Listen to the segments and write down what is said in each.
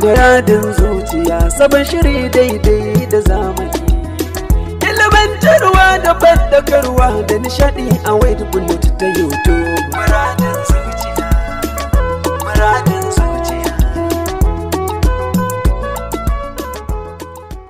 Muradin zuciya sabon shiri daidai da zamani. Ilimantarwa da bandakarwa da nishadi a wade bullet ta YouTube. Muradin zuciya, muradin zuciya.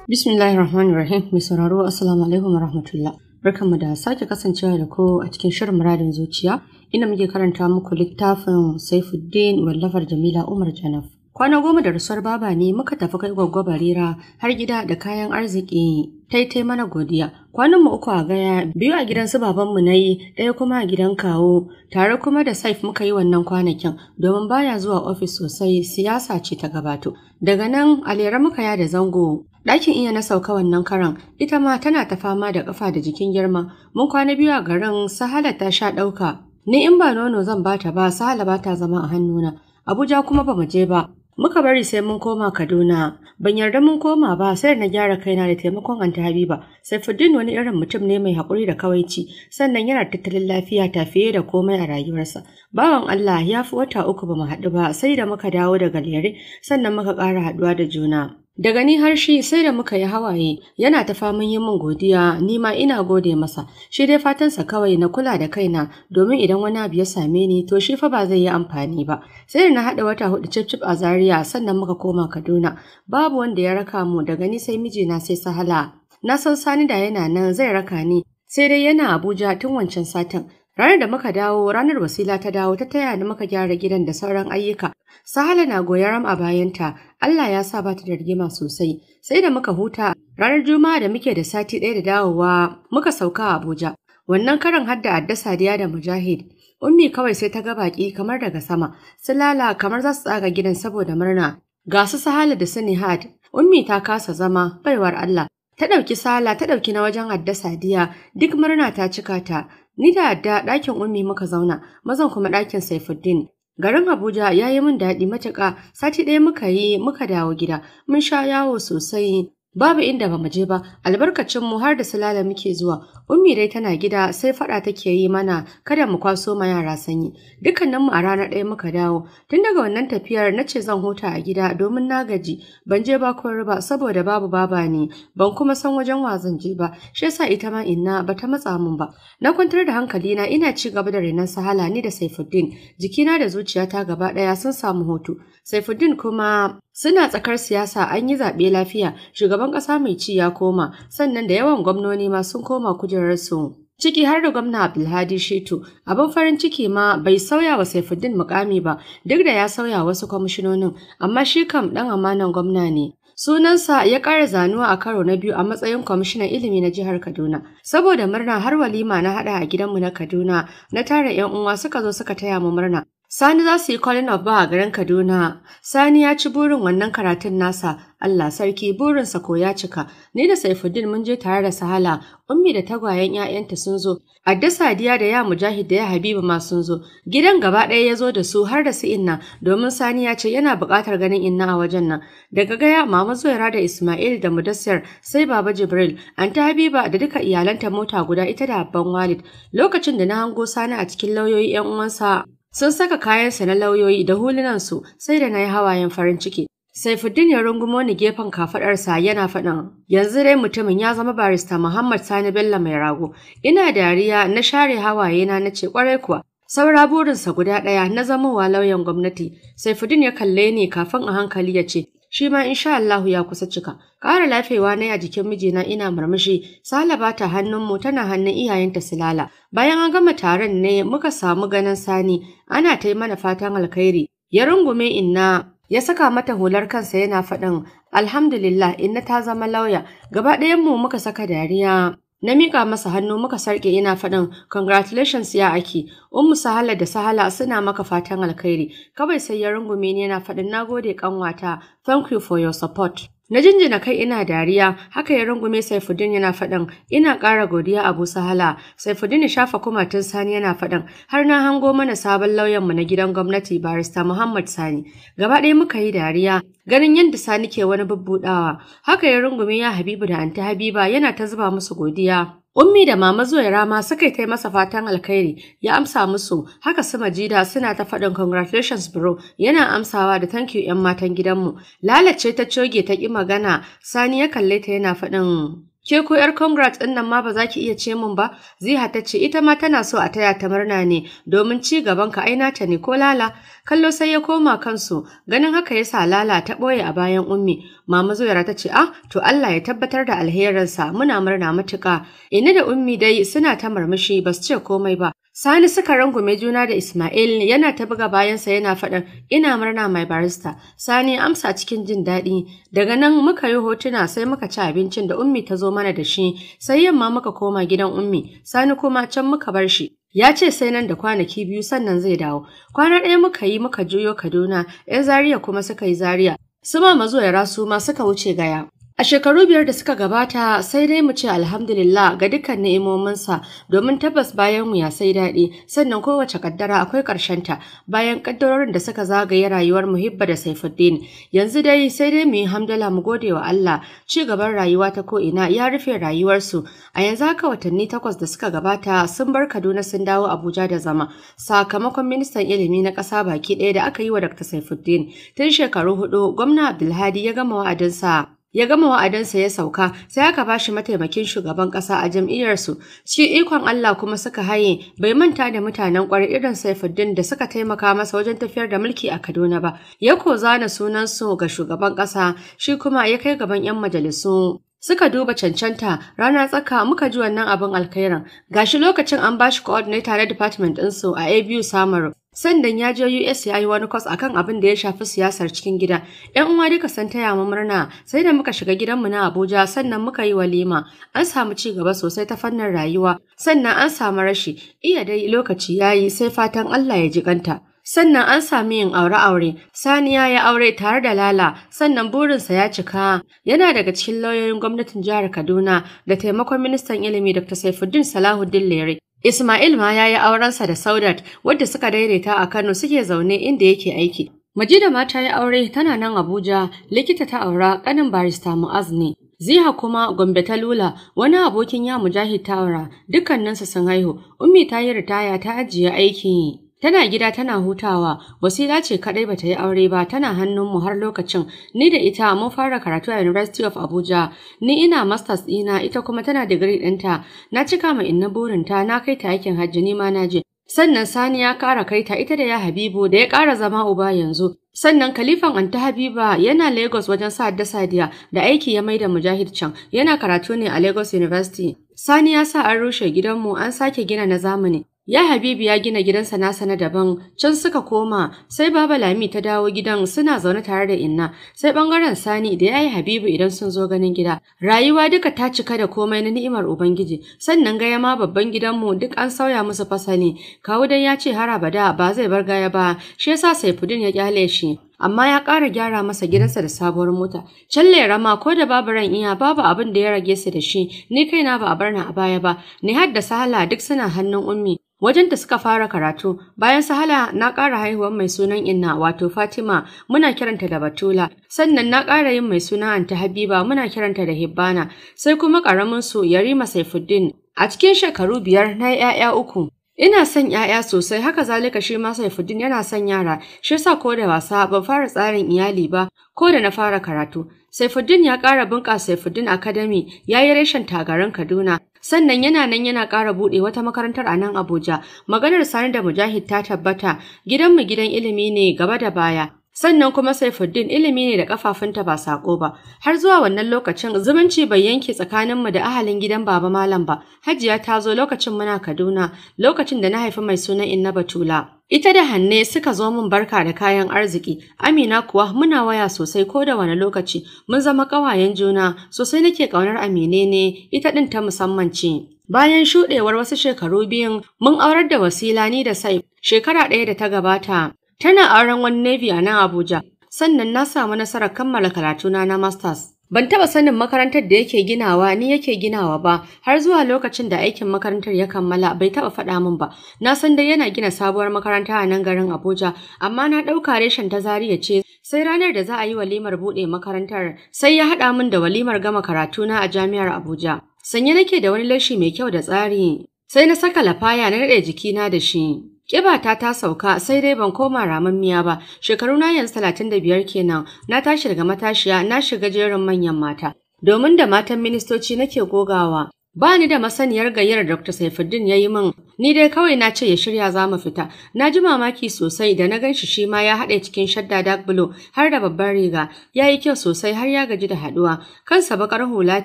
Mai sauraro, Assalamu alaikum wa rahmatullah. Barkanmu da sake kasancewa da ko a cikin shirin muradin zuciya, ina muke karanta muku littafin Saifuddin wallafar Jamila Umar Janaf. Kwana goma da rasuwar baba ne muka tafi kai gwaggwa barira har gida da kayan arziki taitai mana godiya. Kwanan mu uku a gaya biyu a gidan su babanmu na yi ɗaya kuma a gidan kawo tare kuma da saif muka yi wannan kwanakin domin baya zuwa ofis sosai siyasa ce ta gabato. Daga nan alera muka ya da zango Ɗakin iya na sauka wannan karan, ita ma tana ta fama da ƙafa da jikin girma, mun kwana biyu a garin Sahala ta sha ɗauka. Ni in ba nono zan bata ba, Sahala ba ta zama a hannuna. Abuja kuma ba mu je ba, Muka bari sai mun koma Kaduna. Ban yarda mun koma ba sai na gyara kaina da taimakon Anta Habiba. Saifuddin wani irin mutum ne mai hakuri da kawaici, sannan yana tattalin lafiya ta fiye da komai a rayuwarsa. Bawan Allah ya fi wata uku ba mu haɗu ba sai da muka dawo daga lere sannan muka ƙara haɗuwa da juna. Daga ni har shi sai da muka yi hawaye yana ta faman yi min godiya ni ma ina gode masa shi dai fatansa kawai na kula da kaina domin idan wani abu ya same ni to shi fa ba zai yi amfani ba sai da na haɗa wata hudu cip a Zaria sannan muka koma Kaduna babu wanda ya raka mu daga ni sai mijina sai Sahala na san Sani da yana nan zai raka ni sai dai yana Abuja tun wancan satin Ranar da muka dawo ranar wasila ta dawo ta taya ni muka gyara gidan da sauran ayyuka. Sahala na ram a bayanta, Allah ya sa ba ta da rigima sosai. Sai da muka huta ranar Juma'a da muke da sati ɗaya da dawowa muka sauka a Abuja. Wannan karan hadda Adda Sadiya da Mujahid. Ummi kawai sai ta ga baƙi kamar daga sama, su lala kamar za su tsaga gidan saboda murna. Ga su Sahala da su Nihad, Ummi ta kasa zama baiwar Allah. ta ɗauki sala ta ɗauki na wajen adda sadiya duk murna ta cika ta Ni da adda ɗakin ummi muka zauna, mazan kuma ɗakin Saifuddin. Garin Abuja ya yi min daɗi matuƙa, sati ɗaya muka yi muka dawo gida, mun sha yawo sosai, Babu inda ba mu je ba, albarkacin mu har da sulala muke zuwa. Ummi dai tana gida sai fada take yi mana kada mu kwaso ma yara sanyi. Dukkanin mu a rana ɗaya muka dawo. Tun daga wannan tafiyar na ce zan huta a gida domin na gaji. Ban je bakon ba saboda babu baba ne, ban kuma san wajen wa zan je ba. Shi yasa ita ma inna ba ta matsa min ba. Na kwantar da hankali na ina ci gaba da renon sahala ni da Saifuddin. Jikina da zuciyata gaba ɗaya sun samu hutu. Saifuddin kuma Suna tsakar siyasa an yi zaɓe lafiya, shugaban ƙasa mai ci ya koma, sannan da yawan gwamnoni ma sun koma kujerarsu. ciki har da gwamna Abdulhadi Shitu abin farin ciki ma bai sauya wa Saifuddin mukami ba duk da ya sauya wasu kwamishinonin amma shi kam ɗan amanan gwamna ne sunansa ya ƙara zanuwa a karo na biyu a matsayin kwamishinan ilimi na jihar Kaduna saboda murna har walima na haɗa a gidanmu na Kaduna na tara yan uwa suka zo suka taya mu murna Sani za su yi Colin Obba a garin Kaduna. Sani ya ci burin wannan karatun nasa, Allah sarki burinsa ko ya cika. Ni da Saifuddin mun je tare da Sahala, Ummi da tagwayen 'ya'yanta sun zo. Adda Sadiya da ya Mujahid da ya Habiba ma sun zo. Gidan gaba ɗaya ya zo da su har da su Inna, domin Sani ya ce yana buƙatar ganin Inna a wajen nan. Daga gaya Mama Zuwaira da Ismail da Mudassir sai Baba Jibril, Anta Habiba da duka iyalanta mota guda ita da Abban Walid. Lokacin da na hango Sani a cikin lauyoyi 'yan uwansa Sun saka kayansa na lauyoyi da hulunansu sai da na yi hawayen farin ciki. Saifuddin ya rungumo ni gefen kafadarsa yana faɗin yanzu dai mutumin ya zama barista Muhammad Sani Bello mai rago ina dariya na share hawaye na nace kwarai kuwa saura burinsa guda ɗaya na zamowa lauyan gwamnati Saifuddin ya kalle ni kafin a hankali ya ce shi ma sha Allahu ya kusa cika. Ƙara lafewa na a jikin mijina ina murmushi, ba ta hannunmu tana hannun iyayenta Silala. Bayan an gama taron ne muka samu ganin Sani, ana ta yi mana fatan alkhairi. Ya rungume inna ya saka mata hular kansa yana faɗin alhamdulillah inna ta zama lauya gaba ɗayan mu muka saka dariya Na miƙa masa hannu muka sarƙe ina faɗin congratulations ya ake!" Ummu Sahala da Sahala suna maka fatan alkhairi, kawai sai ya rungume ni yana faɗin nagode kanwata, thank you for your support. Na jinjina kai ina dariya, haka ya rungume Saifudin yana faɗin, ina ƙara godiya Abu Sahala. Saifuddin shafa kuma tun Sani yana faɗin, har na hango mana sabon lauyanmu na gidan gwamnati barista Muhammad Sani. Gaba ɗaya muka yi dariya, ganin yadda Sani ke wani bubbuɗawa. Haka ya rungume ya Habibu da Anta Habiba yana ta zuba musu godiya. Ummi da Mama Zuwaira ma suka yi masa fatan alkhairi, ya amsa musu, haka su Majida suna ta faɗin congratulations bro, yana amsawa da thank you ‘yan matan gidanmu. Lalace ta coge ta ƙi magana, Sani ya kalle ta yana faɗin Ke ko ‘yar Congrats ɗin nan ma ba za ki iya ce min ba, Ziha ta ce ita ma tana so a taya ta murna ne domin ci gaban ka aina ta ne ko lala. Kallo sai ya koma kansu, ganin haka ya sa lala ta ɓoye a bayan ummi. Mama Zuwaira ta ce, "Ah, to Allah ya tabbatar da alherinsa, muna murna matuƙa." Ina da ummi dai suna ta murmushi ba su ce komai ba, Sani suka rangume juna da Ismail yana ta buga bayansa yana faɗin ina murna mai barista. Sani amsa cikin jin daɗi. Daga nan muka yi hotuna sai muka ci abincin da Ummi ta zo mana da shi. Sai yamma muka koma gidan Ummi. Sani kuma can muka bar shi. Ya ce sai nan da kwanaki biyu sannan zai dawo. Kwana ɗaya muka yi muka juyo Kaduna, ‘yan Zaria kuma suka yi Zaria. Su ma ya rasu ma suka wuce gaya. A shekaru biyar da suka gabata sai dai mu ce alhamdulillah ga dukkan ni'imominsa domin tabbas bayan mu ya sai daɗi sannan kowace kaddara akwai ta, bayan kaddarorin da suka zagaye rayuwar mu hibba da saifuddin yanzu dai sai dai mu yi hamdala mu gode wa Allah ci gaban rayuwa ta ko'ina ya rufe rayuwarsu a yanzu haka watanni takwas da suka gabata sun bar Kaduna sun dawo Abuja da zama sakamakon ministan ilimi na ƙasa baki ɗaya da aka yi wa Dr. Saifuddin tun shekaru huɗu, gwamna Abdulhadi ya gama wa'adinsa ya gama wa'adinsa ya sauka sai aka bashi mataimakin shugaban ƙasa a jam'iyyarsu Shi ikon Allah kuma suka haye bai manta da mutanen ƙwari irin Saifuddin da suka taimaka masa wajen tafiyar da mulki a Kaduna ba ya ko zana sunan su ga shugaban ƙasa, shi kuma ya kai gaban yan majalisu Suka duba cancanta rana tsaka muka ji wannan abin alkhairan. Gashi lokacin an ba bashi coordinator na department ɗinsu a ABU Samaru. Sandan ya je US ya yi wani kwas akan abin da ya shafi siyasar cikin gida. ‘Yan uwa duka san taya mu murna, sai da muka shiga gidanmu na Abuja sannan muka yi walima. An samu ci gaba sosai ta fannin rayuwa, sannan an samu rashi. Iya dai lokaci ya yi sai fatan Allah ya ji kanta. Sannan an sami yin aure-aure, Saniya ya aure tare da Lala, sannan burinsa ya cika. Yana daga cikin lauyoyin gwamnatin jihar Kaduna da taimakon ministan ilimi Dr. Saifuddin Salahuddin Lere. Ismail ma ya yi aurensa da Saudat, wadda suka daidaita a Kano suke zaune inda yake aiki. Majida ma ta yi aure tana nan Abuja, likita ta aura ƙanin barista Mu'az ne. Ziha kuma Gombe ta lula wani abokin ya mujahid ta aura dukkaninsu sun haihu. Ummi ta yi ritaya ta ajiye aiki. Tana gida tana hutawa, wasila ce kadai bata yi aure ba tana hannunmu har lokacin. Ni da ita mun fara karatu a University of Abuja. Ni ina masters ɗina ita kuma tana digiri ɗinta. Na cika ma inna burinta na kai ta aikin hajji ni ma na je. Sannan Sani ya kara kaita ita da ya Habibu da ya kara zama uba yanzu. Sannan Khalifan Anta Habiba yana Lagos wajen sa da Sadiya da aiki ya maida Mujahid can yana karatu ne a Lagos University. Sani ya sa an rushe gidanmu an sake gina na zamani. Ya Habibu ya gina gidansa nasa na daban, can suka koma, sai Baba Lami ta dawo gidan suna zaune tare da Inna, sai bangaren Sani da ya yi Habibu idan sun zo ganin gida. Rayuwa duka ta cika da komai na ni'imar Ubangiji, sannan gaya ma babban gidanmu duk an sauya musu fasali. Kawu dai ya ce har abada ba zai bar gaya ba, shi yasa Saifudin ya kyale shi. amma ya ƙara gyara masa gidansa da sabuwar mota. Can ya rama, ko da babu ran iya babu abin da ya rage su da shi, ni kaina ba a bar ni a baya ba, ni har da sahala duk suna hannun ummi. Wajen da suka fara karatu, bayan Sahala na ƙara haihuwar mai sunan Inna wato Fatima muna kiranta da Batula, sannan na ƙara yin mai suna Anta Habiba muna kiranta da Hibbana, sai kuma ƙaramin su Yarima Saifuddin. A cikin shekaru biyar na ‘ya'ya uku, Ina son ‘ya'ya sosai, haka zalika shi ma Saifuddin yana son yara, shi yasa ko da wasa ban fara tsarin iyali ba, ko da na fara karatu. Saifuddin ya ƙara bunƙasa Saifuddin Academy, ya yi reshen tagaran Kaduna, sannan yana nan yana ƙara buɗe wata makarantar a nan Abuja. Maganar Sani da Mujahid ta tabbata, gidanmu gidan ilimi ne gaba da baya, sannan kuma Saifuddin ilimi ne da kafafunta ba sako ba har zuwa wannan lokacin zumunci bai yanke tsakaninmu da ahalin gidan baba malam ba Hajiya ta zo lokacin muna Kaduna lokacin da na haifi mai suna Inna Batula ita da Hanne suka zo mun barka da kayan arziki Amina kuwa muna waya sosai ko da wani lokaci mun zama ƙawayen juna sosai nake ƙaunar Amine ne ita ɗin ta musamman ce Bayan shuɗewar wasu shekaru biyun, mun aurar da wasila ni da sai. shekara ɗaya da ta gabata. Tana auren wani Navy a nan Abuja, sannan na samu nasarar kammala karatuna na Masters. Ban taɓa sanin makarantar da yake ginawa ni yake ginawa ba har zuwa lokacin da aikin makarantar ya kammala bai taɓa faɗa min ba. Na san dai yana gina sabuwar makaranta a nan garin Abuja amma na ɗauka reshen ta Zaria ce sai ranar da za a yi walimar buɗe makarantar sai ya haɗa min da walimar gama karatuna a jami'ar Abuja. Sanye nake da wani laushi mai kyau da tsari sai na saka lafaya na daɗe jikina da shi. Ƙibata ta sauka sai dai ban koma miya ba, shekaru na yanzu talatin da biyar kenan, na tashi daga matashiya na shiga jerin manyan mata. Domin da matan ministoci nake gogawa, ba ni da masaniyar gayyar Dr. Saifuddin ya yi min, ni dai kawai na ce ya shirya za mu fita, na ji mamaki sosai da na gan shi shi ma ya haɗe cikin shadda dark blue har da babban riga, ya yi kyau sosai har ya gaji da haɗuwa, kansa baƙar hula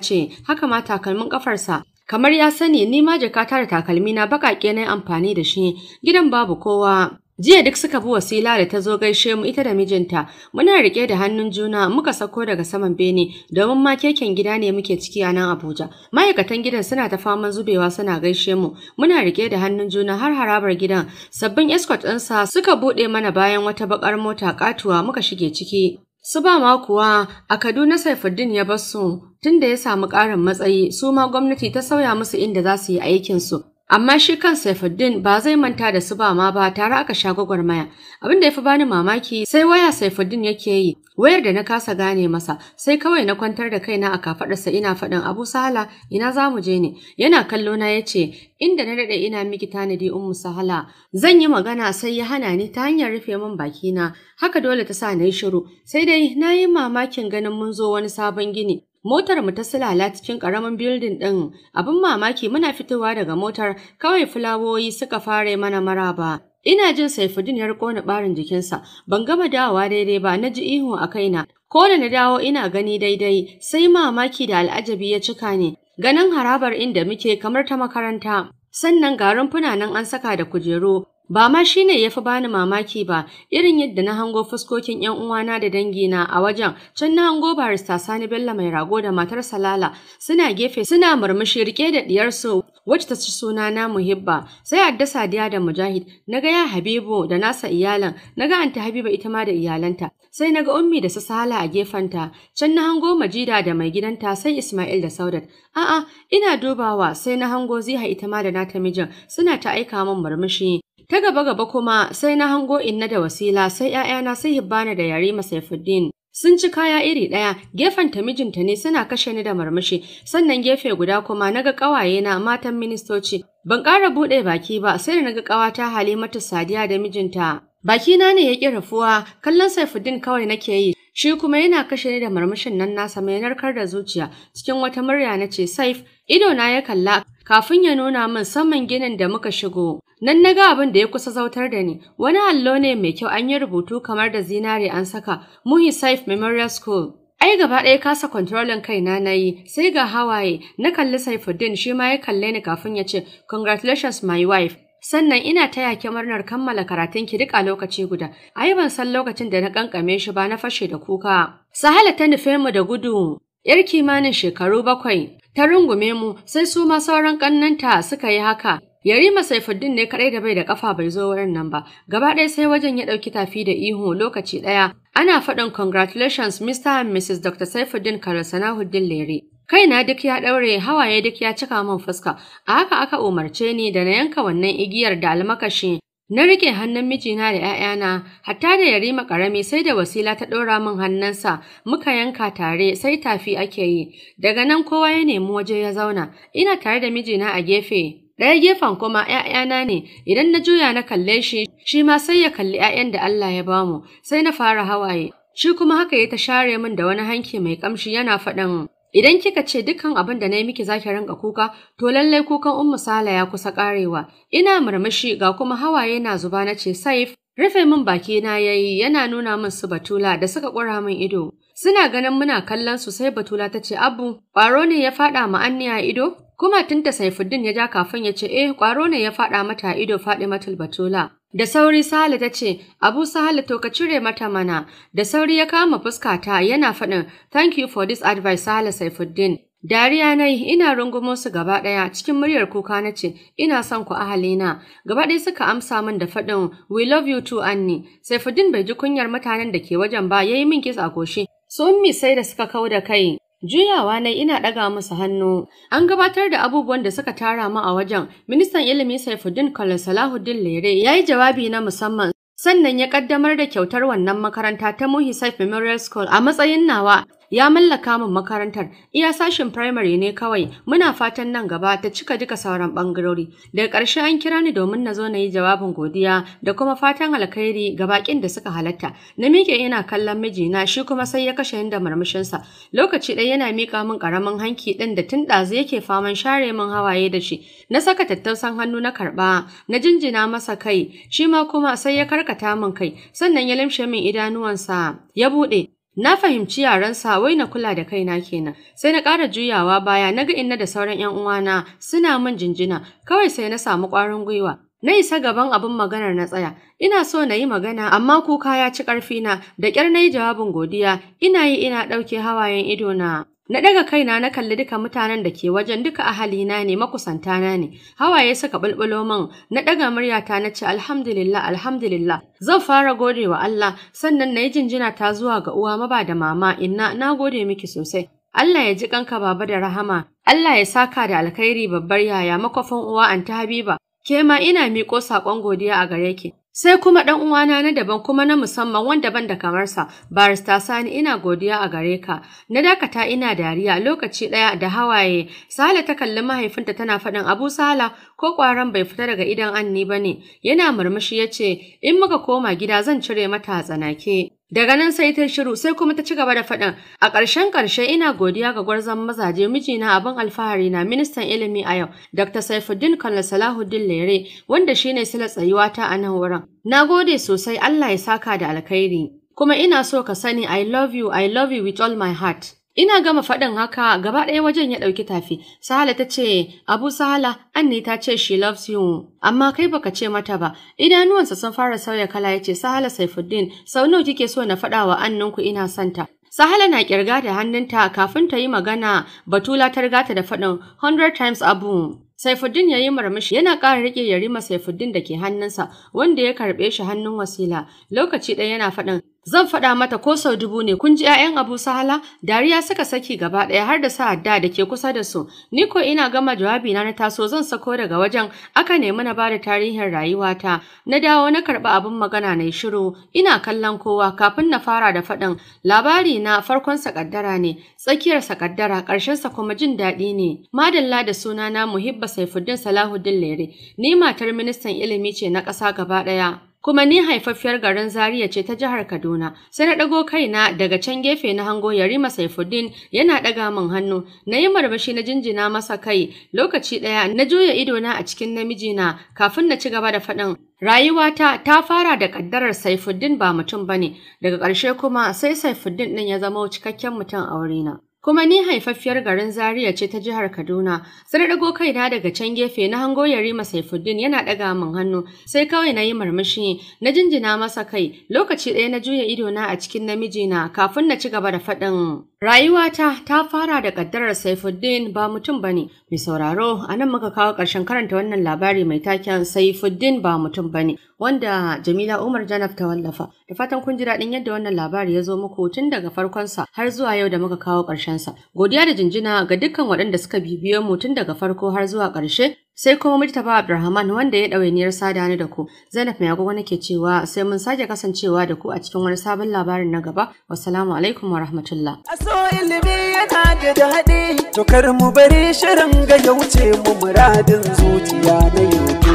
ce, haka ma takalmin ƙafarsa kamar ya sani ni ma jaka tara takalmi na baƙaƙe na amfani da shi gidan babu kowa Jiya duk suka bi wasila da ta zo gaishe mu ita da mijinta, muna riƙe da hannun juna muka sako daga saman bene domin ma keken gida ne muke ciki a nan Abuja. Ma'aikatan gidan suna ta faman zubewa suna gaishe mu, muna riƙe da hannun juna har harabar gidan. Sabbin escort ɗinsa suka buɗe mana bayan wata baƙar mota katuwa muka shige ciki. Su ba ma kuwa a Kaduna Saifuddin ya basu tun da ya samu ƙarin matsayi su ma gwamnati ta sauya musu inda za su yi aikinsu Amma shi kan Saifuddin ba zai manta da su ba ma ba tare aka sha gwagwarmaya. Abin da ya fi bani mamaki sai waya Saifuddin yake yi, wayar da na kasa gane masa, sai kawai na kwantar da kaina a kafaɗarsa ina faɗin Abu Sahala ina za mu je ne. Yana kallo na ya ce, inda na daɗe ina miki tanadi Ummu Sahala, zan yi magana sai ya hana ni ta hanyar rufe min bakina, haka dole ta sa na yi shiru, sai dai na yi mamakin ganin mun zo wani sabon gini. Motar mu ta silala cikin karamin bildin ɗin, abin mamaki muna fitowa daga motar kawai fulawoyi suka fara mana maraba. Ina jin Saifuddin ya riko barin jikinsa, ban gama dawowa daidai ba na ji ihu a kaina. Ko da na dawo ina gani daidai, sai mamaki da al'ajabi ya cika ne. Ganin harabar inda muke kamar ta makaranta, sannan garin rumfuna an saka da kujeru Ba ma shi ne ya fi bani mamaki ba, irin yadda na hango fuskokin ‘yan uwana da dangina a wajen, can na hango barista Sani Bello mai rago da matar Salala suna gefe suna murmushi rike da diyarsu wacce ta ci suna na muhibba, sai Adda Sadiya da Mujahid, na ga ya Habibu da nasa iyalan, na ga Anta Habiba ita ma da iyalanta, sai na ga Ummi da su Sala a gefenta, can na hango Majida da mai gidanta sai Ismail da Saudat. A'a, ina dubawa sai na hango Ziha ita ma da nata mijin suna ta aika min murmushi. Ta gaba gaba kuma sai na hango inna da wasila sai ‘ya'yana sai hibbana da yarima Saifuddin. Sun ci kaya iri ɗaya, gefen ta mijinta ne suna kashe ni da marmashi, sannan gefe guda kuma naga ƙawaye na matan ministoci. Ban ƙara buɗe baki ba sai da naga ƙawata Halimatu Sadiya da mijinta. baki na ne ya ƙi rufuwa, kallon Saifuddin kawai nake yi, shi kuma yana kashe ni da marmashin nan nasa mai narkar da zuciya cikin wata murya na ce saif ido na ya kalla kafin ya nuna min saman ginin da muka shigo Nan na ga abin da ya kusa zautar da ni, wani allo ne mai kyau an yi rubutu kamar da zinare an saka, Muhi Saif Memorial School. Ai gaba ɗaya kasa kontrolin kaina na yi, sai ga hawaye, na kalli Saifuddin shi ma ya kalle ni kafin ya ce, Congratulations my wife. Sannan ina taya ki murnar kammala karatun ki duk lokaci guda. Ai ban san lokacin da na kankame shi ba na fashe da kuka. Sahala ta nufe mu da gudu. Yar kimanin shekaru bakwai, ta rungume mu sai su ma sauran kannanta suka yi haka. Yarima Saifuddin ne kadai da bai da kafa bai zo wurin nan ba. Gaba ɗaya sai wajen ya ɗauki tafi da ihu lokaci ɗaya. Ana faɗin congratulations Mr. and Mrs. Dr. Saifuddin Karasanahuddin Lere. na duk ya ɗaure, hawaye duk ya cika min fuska. A haka aka umarce ni da na yanka wannan igiyar da almakashi Na rike hannun mijina da ‘ya'yana, hatta da yarima ƙarami sai da wasila ta ɗora min hannunsa, muka yanka tare sai tafi ake yi, daga nan kowa ya nemi waje ya zauna, ina tare da mijina a gefe, Ɗaya gefen kuma ‘ya'yana ne, idan na juya na kalle shi, shi ma sai ya kalli ‘ya'yan da Allah ya bamu, sai na fara hawaye. Shi kuma haka ya ta share min da wani hanki mai kamshi yana faɗin Idan kika ce dukkan abin da na yi miki zaki rinka kuka, to lallai kukan in misala ya kusa ƙarewa. Ina murmushi ga kuma hawaye na zuba na ce Saif, rufe min baki na yayi yana nuna min su Batula da suka ƙura min ido. Suna ganin muna kallon su sai Batula ta ce Abu, ƙwaro ne ya faɗa ma anniya ido? Kuma ta Saifuddin ya ja kafin ya ce, "Eh, kwaro ne ya faɗa mata ido matul Batula." Da sauri Sahali ta ce, "Abu Sahali to ka cire mata mana." Da sauri ya kama fuskata yana faɗin, "Thank you for this advice, Sahali Saifuddin." Dariya na yi ina rungumo su gaba ɗaya cikin muryar kuka na ce, "Ina son ku ahalina." Gaba ɗaya suka amsa min da faɗin, "We love you too, anni Saifuddin bai ji kunyar mutanen da ke wajen ba, ya yi min kisa a goshi. Summi sai da suka kau da kai. Juyawa na ina ɗaga musu hannu. An gabatar da abubuwan da suka tara mu a wajen. Ministan ilimi Saifuddin Kwale Salahuddin Lere ya yi jawabi na musamman sannan ya ƙaddamar da kyautar wannan makaranta ta Muhi Saif Memorial School a matsayin nawa ya mallaka min makarantar iya sashin primary ne kawai muna fatan nan gaba ta cika duka sauran ɓangarori. daga ƙarshe an kira ni domin na zo na yi jawabin godiya da kuma fatan alkhairi ga baƙin da suka halatta na miƙe ina kallon mijina shi kuma sai ya kashe ni da murmushinsa lokaci ɗaya yana miƙa min ƙaramin hanki ɗin da tun ɗazu yake faman share min hawaye da shi na saka tattausan hannu na karɓa na jinjina masa kai shi ma kuma sai ya karkata min kai sannan ya limshe min idanuwansa ya buɗe Na fahimci yarensa wai na kula da kaina kenan. Sai na ƙara juyawa baya na ga inna da sauran ‘yan uwana suna min jinjina, kawai sai na samu ƙwarin gwiwa. Na isa gaban abin maganar na tsaya, ina so na yi magana amma kuka ya ci ƙarfina da kyar na yi jawabin godiya, ina yi ina ɗauke hawayen idona. Na daga kaina na kalli duka mutanen da ke wajen duka ahalina ne makusantana ne. Hawaye suka ɓulɓulo man Na daga muryata na ce alhamdulillah alhamdulillah. Zan fara gode wa Allah sannan na yi jinjina ta zuwa ga uwa maba da mama inna na gode miki sosai. Allah ya ji kanka baba da rahama. Allah ya saka da alkhairi babbar yaya makwafin uwa an ta Habiba. Ke ma ina miƙo saƙon godiya a gare ki. Sai kuma ɗan uwana na daban kuma na musamman wanda ban da kamarsa, barista sani ina godiya a gare ka. Na dakata ina dariya lokaci ɗaya da hawaye, Sale ta kalli mahaifinta tana faɗin Abu Sala ko ƙwaron bai fita daga idan anni ba ne. Yana murmushi ya ce, in muka koma gida zan cire mata tsanake. Daga nan sai ta shiru sai kuma ta ci gaba da faɗin a ƙarshen ƙarshe ina godiya ga gwarzon mazaje mijina abin alfahari na ministan ilimi a yau Dr. Saifuddin Kalla Salahuddin Lere wanda shine sila tsayuwata a nan wurin. Na gode sosai Allah ya saka da alkhairi. Kuma ina so ka sani I love you I love you with all my heart. Ina gama faɗin haka gaba ɗaya wajen ya ɗauki tafi. Sahala ta ce, Abu Sahala, Anni ta ce she loves you, amma kai baka ce mata ba. Idanuwansa sun fara sauya kala ya ce, Sahala Saifuddin, sau nawa kike so na faɗa wa ku ina santa. Sahala na kirga da hannunta kafin ta yi magana batula ta riga ta da faɗin "Hundred times abu. Saifuddin ya yi murmushi yana ƙara riƙe yarima Saifuddin da ke hannunsa wanda ya karɓe shi hannun wasila lokaci ɗaya yana faɗin Zan faɗa mata ko sau dubu ne kun ji 'ya'yan Abu Sahala dariya suka saki gaba ɗaya har da sa'adda da ke kusa da su. Ni ko ina gama jawabi na na taso zan sako daga wajen aka nemi na bada tarihin rayuwata. Na dawo na karɓi abin magana na shiru ina kallon kowa kafin na fara da faɗin labari na farkon sakaddara ne tsakiyar sakaddara ƙarshen sa kuma jin daɗi ne. Madalla da sunana Muhibba Saifuddin Salahuddin Lere ni matar ministan ilimi ce na ƙasa gaba ɗaya. kuma ni haifaffiyar garin Zaria ce ta jihar Kaduna. Sai na ɗago kaina daga can gefe na hango Yarima Saifuddin yana ɗaga min hannu. Na yi marmashi na jinjina masa kai lokaci ɗaya na juya ido na a cikin namiji na, kafin na ci gaba da faɗin Rayuwata ta fara da kaddarar Saifuddin ba mutum ba ne, daga ƙarshe kuma sai Saifuddin ɗin ya zama cikakken mutum a wurina. kuma ni haifaffiyar garin Zaria ce ta jihar Kaduna. Sai dago kaina daga can gefe na hango Yarima Saifuddin yana daga min hannu, sai kawai na yi murmushi, na jinjina masa kai, lokaci ɗaya na juya ido na a cikin namijina kafin na ci gaba da faɗin. Rayuwata ta fara da ƙaddarar Saifuddin ba mutum bane. Mai sauraro, a nan muka kawo ƙarshen karanta wannan labari mai taken Saifuddin ba mutum bane. wanda Jamila Umar Janaf ta wallafa. Da fatan kun ji daɗin yadda wannan labari ya zo muku tun daga farkonsa har zuwa yau da muka kawo sa, Godiya da jinjina ga dukkan waɗanda suka bibiyo mu tun daga farko har zuwa ƙarshe. Sai kuma Mujtaba Abdulrahman wanda ya ɗawainiyar sada ni da ku. Zainab mai agogo nake cewa sai mun sake kasancewa da ku a cikin wani sabon labarin na gaba. Wassalamu alaikum wa rahmatullah. Aso ilimi yana da daɗi, to kar mu bari shirin ga ya wuce mu muradin zuciya na yau.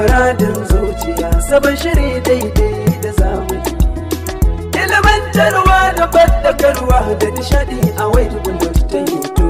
muradin zuciya sabon shiri daidai da zamani ilimantarwa da fadakarwa da nishadi a wayar da ta yi to